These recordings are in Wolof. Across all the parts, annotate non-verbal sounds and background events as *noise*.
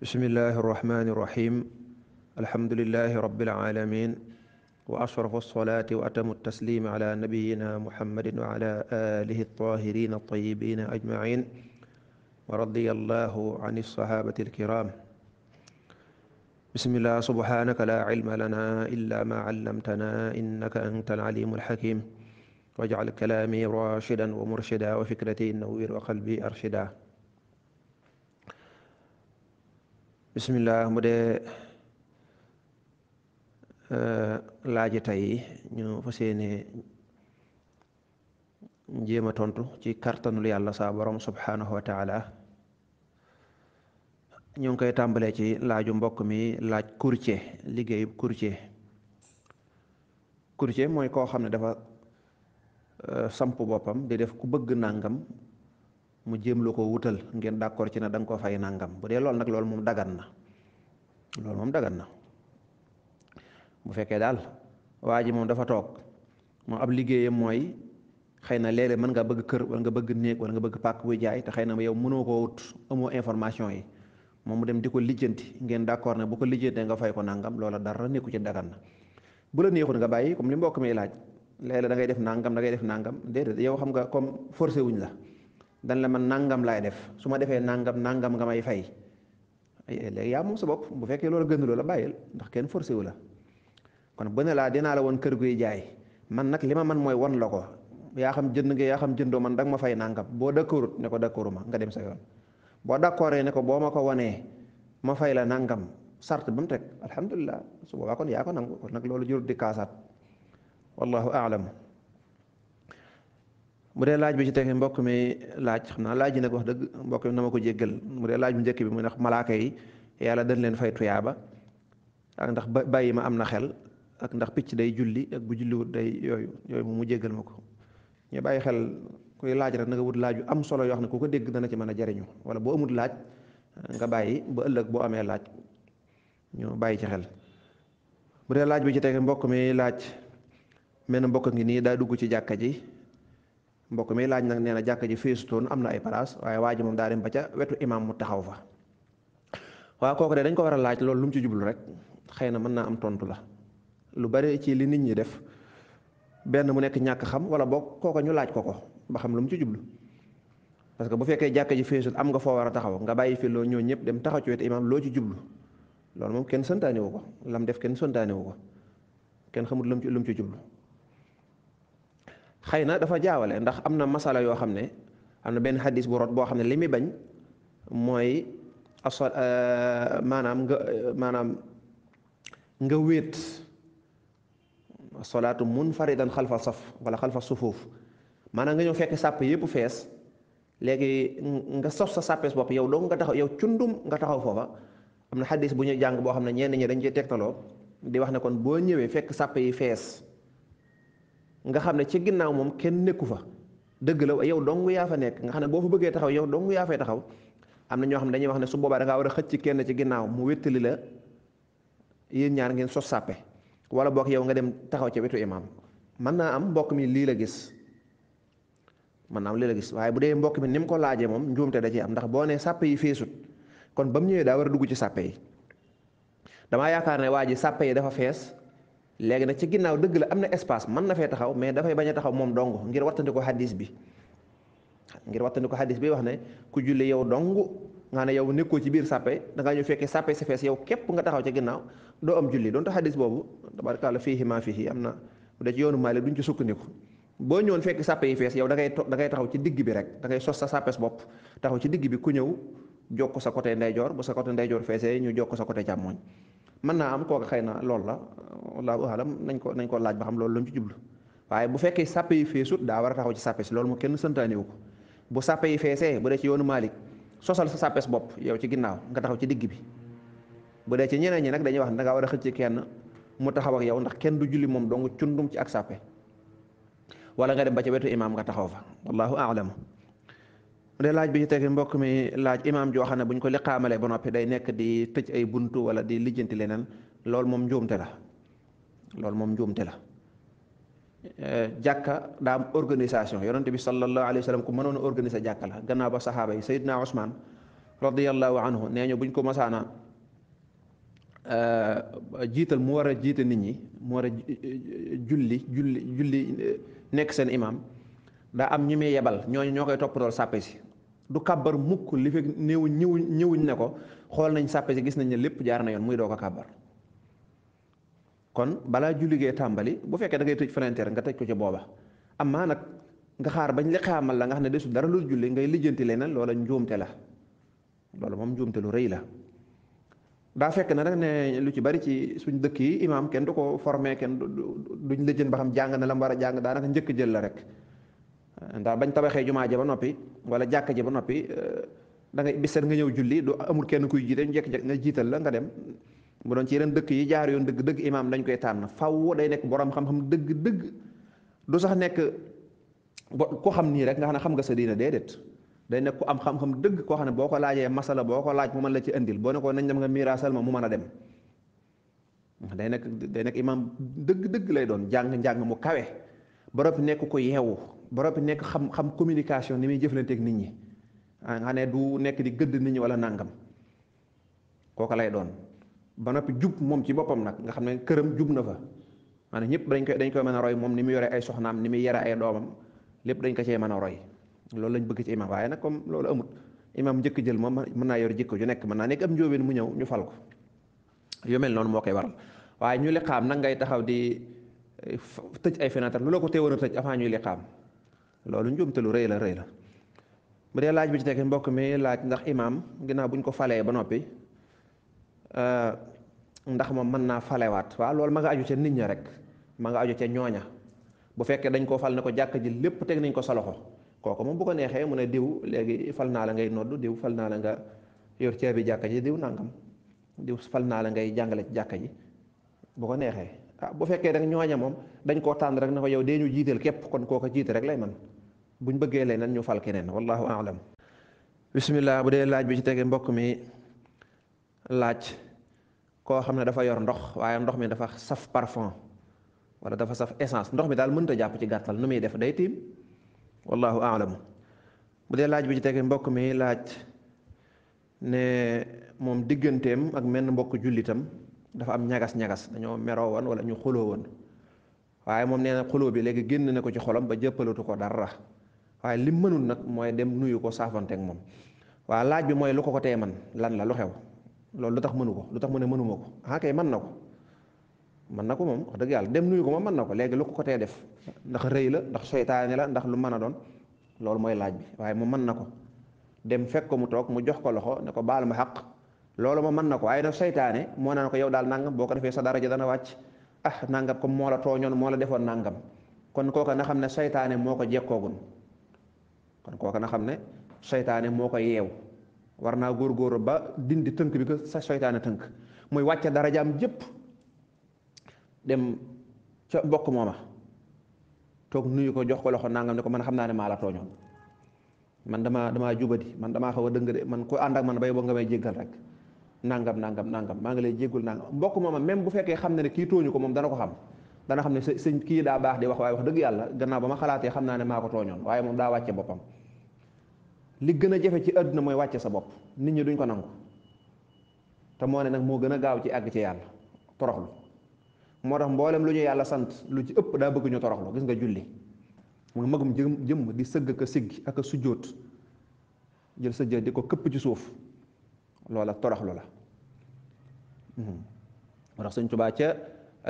bismillahi irrahmani irrahim alhamdulilahi rabilalamin wa ashrafu alsolati wa atamu altaslimi ala nabiyina muhammadin wa ala alihi altahirina altayibina ajmain wa radiya allahu an alsahabati alkiram bismillah subhanaka la ilma lana illa ma allamtana innaka anta alalimu alhakim wajcal kalaami rashidan wa murshida wa fikrati nawwir wa qalbi arshida bisimilah mu dee eh, laaji tey ñu fas yéene njéem a tontu ci kartanul yàlla saa borom subhanahu wa ñu ngi koy tàmbalee ci laaju mbokk mi laaj courtier liggéeyub courtier courtier mooy koo xam ne dafa eh, samp boppam di def ku bëgg nangam mu jéem lu ko wutal ngeen d'accord ci na danga nga ko fay nangam bu dee lool nag loolu moom dagan na loolu moom dagan na bu fekkee daal waa ji moom dafa toog moom ab liggéeyam mooy xëy na léeg-léeg mën nga bëgg kër wala nga bëgg néeg wala nga bëgg pàkk buy jaay te xëy na yow mënoo ko wut amoo information yi moom mu dem di ko lijjanti ngeen d'accord na bu ko lijjantee nga fay ko nangam loola dara nekku ci dagan na bu la neexul nga bàyyi comme li mbokk mi laaj léeg-léeg def nangam da ngay def nangam déedéet yow xam nga comme forcé wuñ la dan la man nangam laay def su ma defee nangam nangam nga may fay léegi yaa moom sa bopp bu fekkee loolu gënuloo la bàyyil ndax kenn forcé wu la kon bu ne laa dinaa la woon kër guy jaay man nag li ma man mooy won la ko yaa xam jënd nga yaa xam jëndoo man danga ma fay nangam boo d'accordut ne ko ma nga dem sa yoon boo d'accordee ne ko boo ma ko wanee ma fay la nangam sart ba mu teg alhamdulilah su boobaa kon yaa ko nangu kon nag loolu jurut di kaasaat wallahu bu dee laaj bi ci tegee mbokk mi laaj xam naa laaj yi nag wax dëgg mbokk mi na ma ko jéggal bu dee bi mu ndax malaaka yàlla dañ leen fay tuyaaba ak ndax bàyyi ma am na xel ak ndax picc day julli ak bu julliwut day yooyu yooyu ma ko ñu bàyyi xel kuy laaj rek na wut laaj yu am solo yoo xam ne ku ko dégg dana ci mën a jariñu wala boo amut laaj bàyyi ba ëllëg boo amee laaj ñu bàyyi ci xel bu dee laaj bi ci tege mbokk mi laaj mel na mbokk ngi nii daa dugg ci jàkka ji mbokk mii laaj na nee na jàkk ji feesutoon am na ay place waaye waa ji moom daa dem ba ca wetu imaam mu taxaw fa waaw kooku de dañ ko war a laaj lool lu mu ci jublu rek xëy na mën naa am tontu la lu bari ci li nit ñi def benn mu nekk ñàkk xam wala boog kooka ñu laaj ko ko ba xam lu mu ci jublu parce que bu fekkee jàkk ji feesut am nga foo war a taxaw nga bàyyi fi loo ñoo ñëpp dem taxaw ci wetu imaam loo ci jublu loolu moom kenn santaane wu ko lam def kenn santaane wu ko kenn xamul lu mu ci jublu xëy na dafa jaawale ndax am na masala yoo xam ne am na benn xadis bu rot boo xam ne li muy bañ mooy aso euh, maanaam nga maanaam nga wéet solaatu munfaridan xalfa saf wala xalfa sufuuf maanaam nga ñëw fekk sàpp yëpp fees léegi nga sof sa sàppees bopp yow doo nga taxaw yow cundum nga taxaw foofa am na xadis bu ñuy jàng boo xam ne ñeen ñi dañ ciy tegtaloo di wax ne kon boo ñëwee fekk sàpp yi fees nga xam ne ci ginnaaw moom kenn nekku fa dëgg la yow dong yaa fa nekk nga xam ne boo fa bëggee taxaw yow dong yaa taxaw am na ñoo xam ne dañuy wax ne su boobaa a xëcc kenn ci ginnaaw mu wéttali la yéen ñaar ngeen sos sàppe wala boog yow nga dem taxaw ci wetu imaam mën naa am mbokk mi lii la gis man naa am lii la gis waaye bu dee mbokk mi ni mu ko laajee moom njuumte da ciy am ndax boo nee sàppe yi féesut kon ba mu ñëwee daa war a dugg ci sàppe yi damaa yaakaar ne waa ji sàppe yi dafa fees léegi nag ci ginnaaw dëgg la am na espace man na fee taxaw mais dafay bañ a taxaw moom dong ngir wattandi ko xadis bi ngir wattandi ko xadis bi wax ne ku julli yow dong nga ne yow nekkoo ci biir sàppe da ngaa ñu fekkee sàppe sa fees yow képp nga taxaw ci ginnaaw doo am julli doonte xadis boobu tabarakaala fiihi maa fiihi am na bu dee ci yoonu Maalik duñ ci sukkandiku boo ñëwoon fekk sàppe yi fees yow da to da ngay taxaw ci digg bi rek da ngay sa sàppes bopp taxaw ci digg bi ku ñëw jokk sa côté ndeyjoor bu sa côté ndeyjoor feesee ñu jokk sa côté càmmooñ mën naa am kooka xëy na loolu la wallaahu alam nañ ko nañ ko laaj ba xam loolu la ci jublu waaye bu fekkee sàppe yi feesut daa war a taxaw ci sàppe si loolu mu kenn santaane ko bu sàppe yi feesee bu dee ci yoonu Malick sosal sa sàppe bopp yow ci ginnaaw nga taxaw ci digg bi bu dee ci ñeneen ñi nag dañuy wax ne da war a xëcc kenn mu taxaw ak yow ndax kenn du julli moom dong cundum ci ak sàppe wala nga dem ba ca wetu imaam nga taxaw fa wallaahu alam bu laaj bi ci tege mbokk mi laaj imaam joo xam ne bu ñu ko liqaamalee ba noppi day nekk di tëj ay buntu wala di lijjanti leneen loolu moom njuumte la loolu moom njuumte la eh, jàkka daa am organisation yonente bi sallallahu alayhi wa sallam ku mënoon a organiser jàkka la gannaaw ba saxaaba yi sayidna Usmaan radiallahu anhu nee ñu buñ ko mosaana eh, jiital mu war a jiite nit ñi mu war a eh, julli julli julli nekk seen imaam daa am ñi muy yebal ñooñu ñoo koy toppatoo sàppe si du kàbbar mukk li fekk néew ñëw ñëwuñ ne ko xool nañ sàppe si gis nañ ne lépp jaar na yoon muy doo ko kàbbar kon balaa julligee tàmbali bu fekkee da ngay tëj fenêtre nga tëj ko ci booba amaa nag nga xaar bañ li amal la nga xam ne desul dara lu julli ngay lijjanti leneen loola njuumte la loolu moom njuumte lu rëy la daa fekk na nag ne lu ci bari ci suñ dëkk yi imaam kenn du ko forme kenn du duñ lijjën ba xam jàng na la mu war a jàng daanaka njëkk jël la rek ndax bañ tabaxee jumaa ja ba noppi wala jàkka ji ba noppi euh, da ngay biseet nga ñëw julli du amul kenn kuy jiite ñu jekk nga jiital la nga dem bu doon ci yeneen dëkk yi jaar yoon dëgg dëgg imaam dañ koy tànn faw day nekk borom xam dëgg dëgg sax nekk ku xam nii rek nga xam ne xam nga sa diina déedéet day nekk am xam dëgg koo xam ne boo ko laajee masala boo ko laaj mu mën la ci indil boo ne ko dem nga miraasal ma mu mën a dem day nekk day nekk imaam dëgg dëgg lay doon jàng njàng mu kawe ba noppi nekk ko yeewu ba noppi nekk xam xam communication ni muy jëflanteeg nit ñi ah nga ne du nekk di gëdd nit ñi wala nangam kooka lay doon ba noppi jub moom ci boppam nag nga xam ne këram jub na fa maanaam ñëpp dañ koy dañ koy mën a roy moom ni mu yore ay soxnaam ni muy yere ay doomam lépp dañ ko cee mën a roy loolu lañ bëgg ci imam waaye nag comme loolu amut imam njëkk jël moom mën naa yor jikko ju nekk mën naa nekk am njóobeen mu ñëw ñu fal ko yu mel noonu moo koy waral waaye ñu liqaam nag ngay taxaw di tëj ay fenêtre lu la ko teewoon a tëj avant ñuy liqaam loolu njuumte rëy la rëy la bu dee laaj bi ci teg mbokk mi laaj ndax imaam ginnaaw bu ñu ko falee ba noppi euh, ndax moom mën naa falewaat waa loolu ma aju ca nit ña rek ma nga aju ca ñooña bu fekkee dañ koo fal ne ko jàkk ji lépp teg nañ ko sa loxo kooku moom bu ko neexee mu ne diw léegi fal naa la ngay noddu diw fal naa la nga yor ceeb bi jàkk ji diw nangam diw fal naa la ngay jàngale ci jàkk ji bu ko neexee ah bu fekkee nag ñooña moom dañ koo tànn rek na ko yow dee ñu jiital képp kon kooka jiite rek lay man bu ñu bëggee lay nan ñu fal keneen wallahu aalam bismillah bu dee laaj bi ci tege mbokk mi laaj koo xam ne dafa yor ndox waaye ndox mi dafa saf parfum wala dafa saf essence ndox mi daal mënta jàpp ci gàttal nu muy def day tiim wallahu aalam bu dee laaj bi ci tege mbokk mi laaj ne moom digganteem ak menn mbokk jullitam dafa am ñagas-ñagas dañoo meroo woon wala ñu xuloo woon waaye moom nee na xuloo bi léegi génn na ko ci xolam ba jëppalatu ko dara waaye li mënul nag mooy dem nuyu ko saafanteek moom waa laaj bi mooy lu ko ko tee man lan la lu loolu lu tax mënu ko lu tax mu ne mënuma ko ah kay na ko mën na ko moom wax dëgg yàlla dem nuyu ko moom mën na ko léegi lu ko ko def ndax rëy la ndax soytaane la ndax lu mën a doon loolu mooy laaj bi waaye mu mën na ko dem fekk ko mu toog mu jox ko loxo ne ko baal ma xaq loolu moom mën na ko ay daf saytaane moo naan ko yow daal nangam boo ko defee sa daraja dana wàcc ah nangam comme moo la tooñoon moo la defoon nangam kon kooka na xam ne saytaane moo ko jekkoogun kon kooka na xam ne saytaane moo ko yeew war naa góor góor ba dindi tënk bi ko sa saytaane tënk mooy wàcce darajaam jëpp dem ca bokk mooma toog nuyu ko jox ko loxo nangam ne ko man xam naa ne maa la tooñoon man damaa damaa jubadi man damaa xaw a dëng de man ku ànd man bay boo nga may jéggal rek nangam nangam nangam maa ngi lay jéggul nangam mbokk mooma même bu fekkee xam na ne kii tooñu ko moom dana ko xam dana xam ne sëñ kii daa baax di wax waaye wax dëgg yàlla gannaaw ba ma xalaatee xam naa ne maa ko tooñoon waaye moom daa wàcce boppam li gën a jafe ci àddina mooy wàcce sa bopp nit ñi duñ ko nangu te moo ne nag moo gën a gaaw ci àgg ci yàlla toroxlu moo tax mboolem lu ñu yàlla sant lu ci ëpp daa bëgg ñu toroxlu gis nga julli mooy magum jëm jëmm di sëgg ka siggi ak a jël sa jë ko këpp ci suuf loola toroxlu la mhm. moo tax sëñ ca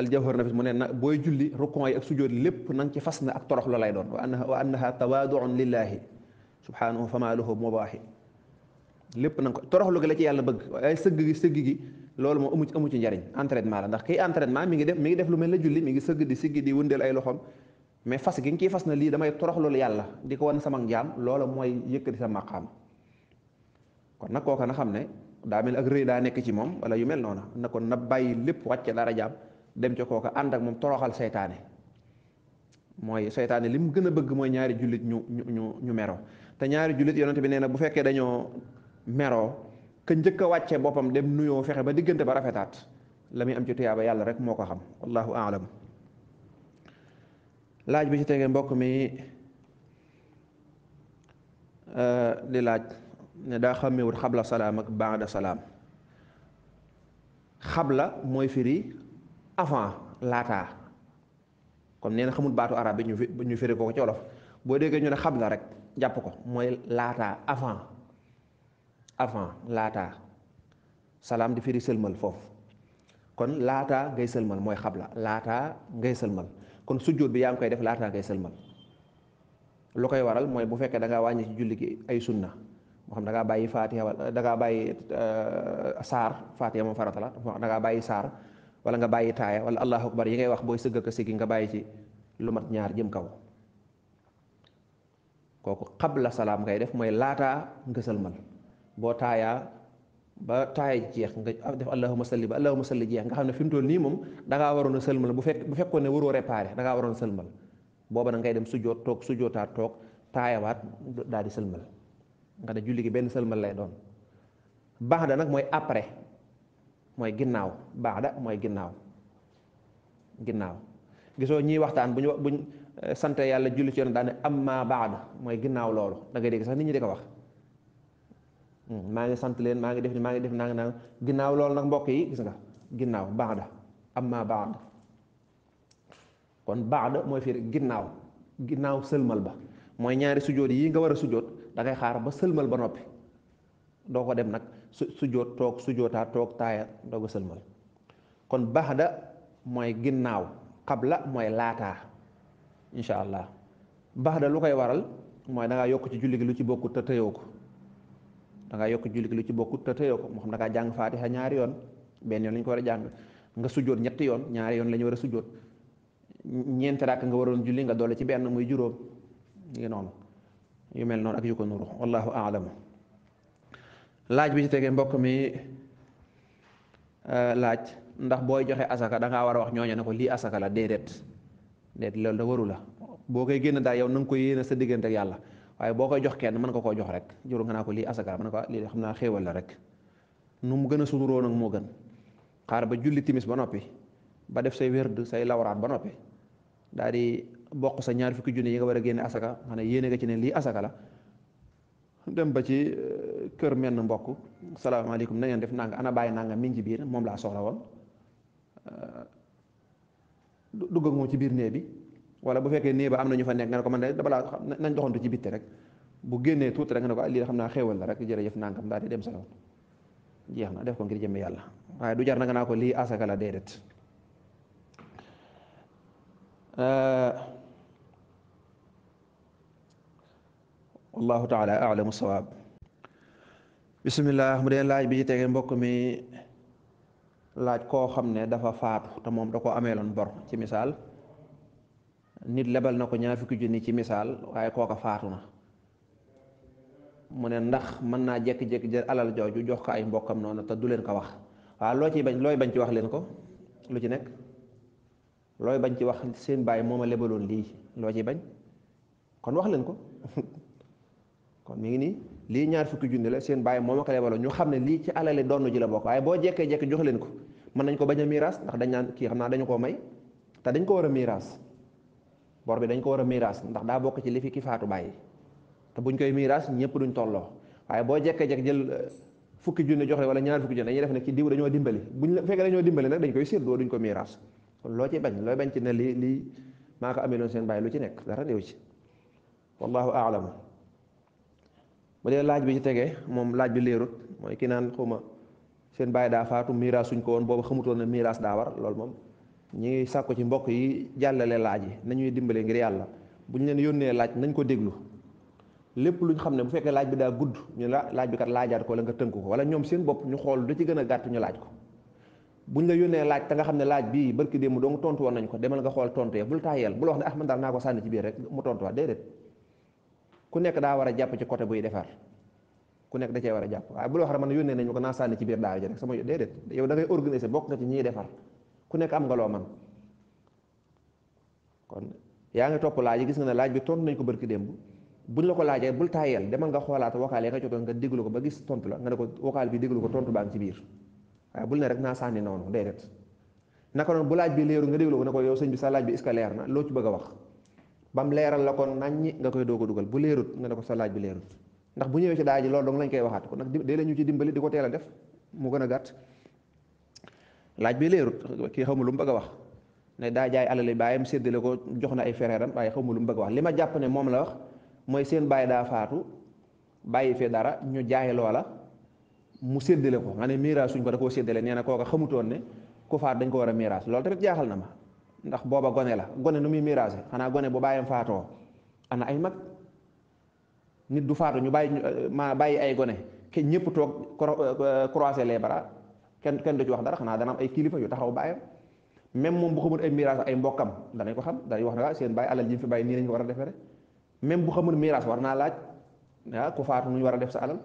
aljawhar nafis mu ne na booy julli rukon yi ak sujjóot lépp na ci fas na ak toroxlu lay doon wa annaha wa annaha tawaaduun lillahi subhanahu fama lahu mubaahi lépp na nga ko toroxlu gi la ci yàlla bëgg waaye sëgg gi sëgg gi loolu moo amu ci amu ci njariñ entraînement la ndax kii entraînement mi ngi def mi ngi def lu mel ne julli mi ngi sëgg di siggi di wëndeel ay loxoom mais fas gi nga ciy fas na lii damay toroxlu yàlla di ko wan sama njaam loola mooy yëkkati sa maqaam kon nag ne daa mel ak rëy daa nekk ci moom wala yu mel noona na ko na bàyyi lépp wàcce dara jaam dem ca kooka ànd ak moom toroxal seytaane mooy seytaane li mu gën a bëgg mooy ñaari jullit ñu ñu ñu meroo te ñaari jullit yonent bi nee na bu fekkee dañoo meroo ka njëkk a wàcce boppam dem nuyoo fexe ba diggante ba rafetaat la muy am ci tuyaaba yàlla rek moo ko xam wallahu aalam laaj bi ci tegee mbokk mi euh, di laaj ne daa xàmmewut xabla salaam ak baada salaam xabla mooy firi avant laata kon nee na xamul baatu arab ñu firi ko ko boo déggee ñu ne xabla rek jàpp ko mooy laataa avant laata salaam di firi sëlmal foofu kon laataa ngay sëlmal mooy xabla laata ngay sëlmal kon sujjóot bi yaa ngi koy def laataa ngay sëlmal lu koy waral mooy bu fekkee da ngaa wàññi ci julli gi ay sunna moo xam da bàyyi faatiha wala euh, bàyyi euh, saar faatiha moom farata la da bàyyi saar wala nga bàyyi taaya wala allahu akbar yi ngay wax booy sëgg ak sigi nga bàyyi ci lu mat ñaar jëm kaw kooku xabla salaam ngay def mooy laataa nga sëlmal boo taayaa ba taaya jeex nga def allahuma salli ba allahuma salli jeex nga xam ne fi mu toll nii moom da waroon a sëlmal bu fekk bu fekkoon ne waroo réparé da ngaa waroon a sëlmal booba na ngay dem sujjoot toog sujjootaat toog taayawaat daal di sëlmal nga da julli gi benn sëlmal lay doon baax da nag mooy après mooy ginnaaw baax da mooy ginnaaw ginnaaw gisoo ñiy waxtaan bu ñu buñ eh, sant yàlla julli ci yoon daane amma ba'da mooy ginnaaw loolu da sax nit ñi di ko wax hmm, maa ngi sant leen maa ngi def ni maa def naa ngi ginnaaw loolu nag mbokk yi gis nga ginnaaw ba'da amma ba'da kon ba'da mooy ginnaaw ginnaaw sëlmal ba mooy ñaari sujjóot yi nga war a sujjóot da xaar ba sëlmal ba noppi doo ko dem nag su sujjóot toog sujjóotaa toog taaya doo ko sëlmal kon baxda mooy ginnaaw xabla mooy laataa incha allah baxda lu koy waral mooy da yokk ci julli gi lu ci bokkut te tëyoo ko da yokk julli gi lu ci bokkut te tëyoo ko moo xam da ngaa jàng faatiha ñaari yoon benn yoon la ñu war a jàng nga sujjóot ñetti yoon ñaari yoon lañu war a sujjóot ñeenti rakk nga waroon julli nga doole ci benn muy juróom ngi noonu yu mel noonu ak yu ko nuru wallahu aalamu laaj bi ci tegee mbokk mi euh, laaj ndax booy joxe asaka dangaa war a wax ñooñu ne ko lii asaka la déedéet déet loolu da waru la boo koy génn daal yow na nga ko yéene sa diggante yàlla waaye boo koy jox kenn mën nga koo jox rek juru nga naa ko lii asaka la mën nga ko ah, lii xam naa xéewal la rek nu mu gën a suturoo nag moo gën xaar ba julli timis ba noppi ba def say wérd say lawraat ba noppi daal di bokk sa ñaar fukki junne yi nga war a génne asaka maanaam yéene nga ci ne lii asaka la dem ba ci euh, kër menn mbokk salaamaaleykum na ngeen def nanga ana bàyyi nanga mi ngi ci biir moom laa soxla woon euh, dugg ak ci biir néeg bi wala bu fekkee néeg ba am na ñu fa nekk nga ne ko man de dama laa nañ doxantu ci bitti rek bu génnee tuuti rek nga ne ah, lii xam naa xéewal la rek jërëjëf nangam daal di dem sa yoon jeex na def ko ngir jëmm yàlla waaye du jar na nga naa ko lii asaka la déedéet euh, wallahu taala alamu sawaab bisimilah mu dee laaj bi ci mbokk mi laaj koo xam ne dafa faatu te moom da ko ameeloon bor ci misaal nit lebal na ko ñaar fukki ci misaal waaye kooka faatu na mu ne ndax mën naa jékki-jékki jël jooju jox ko ay mbokkam noonu te du leen ko wax loo ciy bañ looy bañ ci wax leen ko lu ci nekk looy bañ ci wax seen baay moom a lebaloon lii loo ci bañ kon wax leen ko *laughs* kon mi ngi nii lii ñaar fukki junni la seen bàyyi moom ko lebaloon ñu xam ne lii ci alale donn ji la bokk waaye boo jekkee jekki jox leen ko mën nañ ko bañ a miiras ndax dañ naan kii xam naa dañu koo may ko war a miiras bor bi dañ ko war a miiras ndax daa bokk ci li fi ki faatu buñ koy miiras ñëpp duñ tolloo waaye boo jekkee jekk jël euh, fukki junni jox leen wala ñaar fukki junni dañuy def ne kii diw dañoo dimbali buñ la fekkee dañoo dimbali nag dañ koy séddoo duñ ko miiras kon loo ci bañ looy bañ ci ne lii lii maa ko ameloon seen bàyyi lu ci nekk dara néew ci wallahu aalam bu dee laaj bi ci tegee moom laaj bi leerut mooy ki naan xuma seen bàyyi daa faatu miraas suñ ko woon booba xamutoon na miraas daa war loolu moom ñu ngi sàkku ci mbokk yi jàllale laaj yi nañuy dimbale ngir yàlla bu ñu leen yónnee laaj nañ ko déglu lépp luñ xam ne bu fekkee laaj bi daa gudd ñu la laaj bi kat laajaat ko la nga tënk ko wala ñoom seen bopp ñu xool du ci gën a gàtt ñu laaj ko buñ la yónnee laaj te nga xam ne laaj bii barki démb dong tontu woon nañ ko demal nga xool tontu ya bul taayeel bul wax ne ah ci biir rek mu tontuwaat déedéet ku nekk daa war a jàpp ci côté buy defar ku nekk da cee war a jàpp waaye bu la wax rek man yónnee nañ ma ko naa sànni ci biir daaw ji rek sama déedéet yow da ngay organiser bokk nga ci ñiy defar ku nekk am nga loo man kon yaa ngi topp laaj yi gis nga ne laaj bi tontu nañ ko barki démb buñ la ko laajee bul taayal demal nga xoolaat vocal yi nga nga déglu ko ba gis tontu la nga ne ko vocal bi déglu ko tontu baa ngi ci biir waaye bul ne naa sànni noonu déedéet naka noonu bu laaj bi leeru nga déglu ko ne ko yow sëñ bi sa laaj bi est leer na loo ci bëgg wax ba mu leeral la ko naññi nga koy doog a dugal bu leerut nga ne ko sa laaj bi leerut ndax bu ñëwee ci daaj loolu dong lañ koy waxaat kon nag dee la ñu ci di ko teel a def mu gën a gàtt bi leerut xaw ma lu a wax ne daa jaay alali baayam séddale ko jox na ay fereeram waaye xaw ma lu mu bëgg wax li ma jàpp ne moom la wax seen baay daa faatu bàyyi fi dara ñu jaay loola mu séddale ko ma ne miiraas suñ ko da koo nee na kooka xamutoon ne ku faat ko war a miiraas loolu tamit jaaxal na ma ndax booba gone la gone nu muy miraase xanaa gone bu bàyyam faatoo ana ay mag nit du faatu ñu bàyyi ma bàyyi ay gone ke ñëpp toog euh, croiser les bras kenn kenn du ci wax dara xanaa dana am ay kilifa yu taxaw bàyyam même moom bu xamul ay miraas ay mbokkam danañ ko xam danañ wax ne ah, seen bàyyi alal ji fi bàyyi nii lañ war a defere même bu xamul miraas war naa laaj ah ku faatu nu ñu war a def sa alal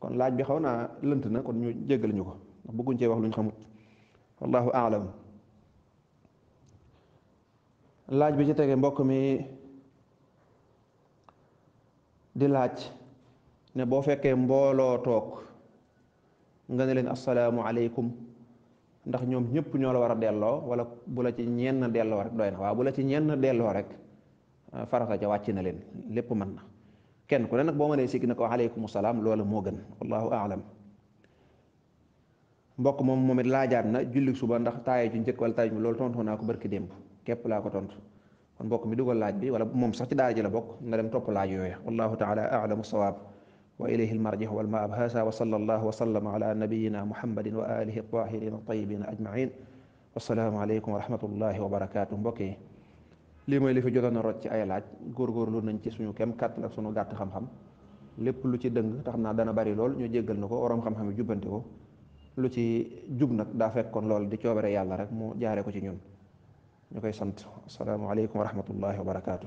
kon laaj bi xaw naa lënt na kon ñu jéggal ñu ko ndax bëgguñ cee wax luñ ñu xamut wallahu aalam laaj bi ci tege mbokk mi di laaj ne boo fekkee mbooloo toog nga ne leen assalaamu aleykum ndax ñoom ñëpp ñoo la war a delloo wala bu la ci ñenn delloo rek doy na waaw bu la ci ñenn delloo rek euh, farata ca wàcc na leen lépp mën na kenn ku ne nag boo mënee sikki na ko aleykum salaam loola moo gën wallahu aalam mbokk moom moom laajaat na julli suba ndax taaye ju njëkk wala taaye ju loolu tontu naa ko barki démb képp laa ko tontu mbokk mi dugal laaj bi wala moom sax ci daara la bokk nga dem topp laaj yooya wallahu taala a'lamu sawaab wa ilayhi almarji'u wal ma'ab haasa wa sallallahu wa sallama ala nabiyyina muhammadin wa alihi at-taahiriin at-tayyibiin ajma'in wassalaamu aleykum wa rahmatullahi wa barakaatu mbokk yi lii mooy li fi jotoon a rot ci ay laaj góorgóorlu nañ ci suñu kem kàttan ak suñu gàtt xam-xam lépp lu ci dëng tax naa dana bari lool ñu jéggal na ko oroom xam-xam yi ko lu ci jub nag daa fekkoon lool di coobare yàlla rek mu jaare ko ci ñun ñu koy sant asalaamualeykum wa rahmatullahi wa barakaatu.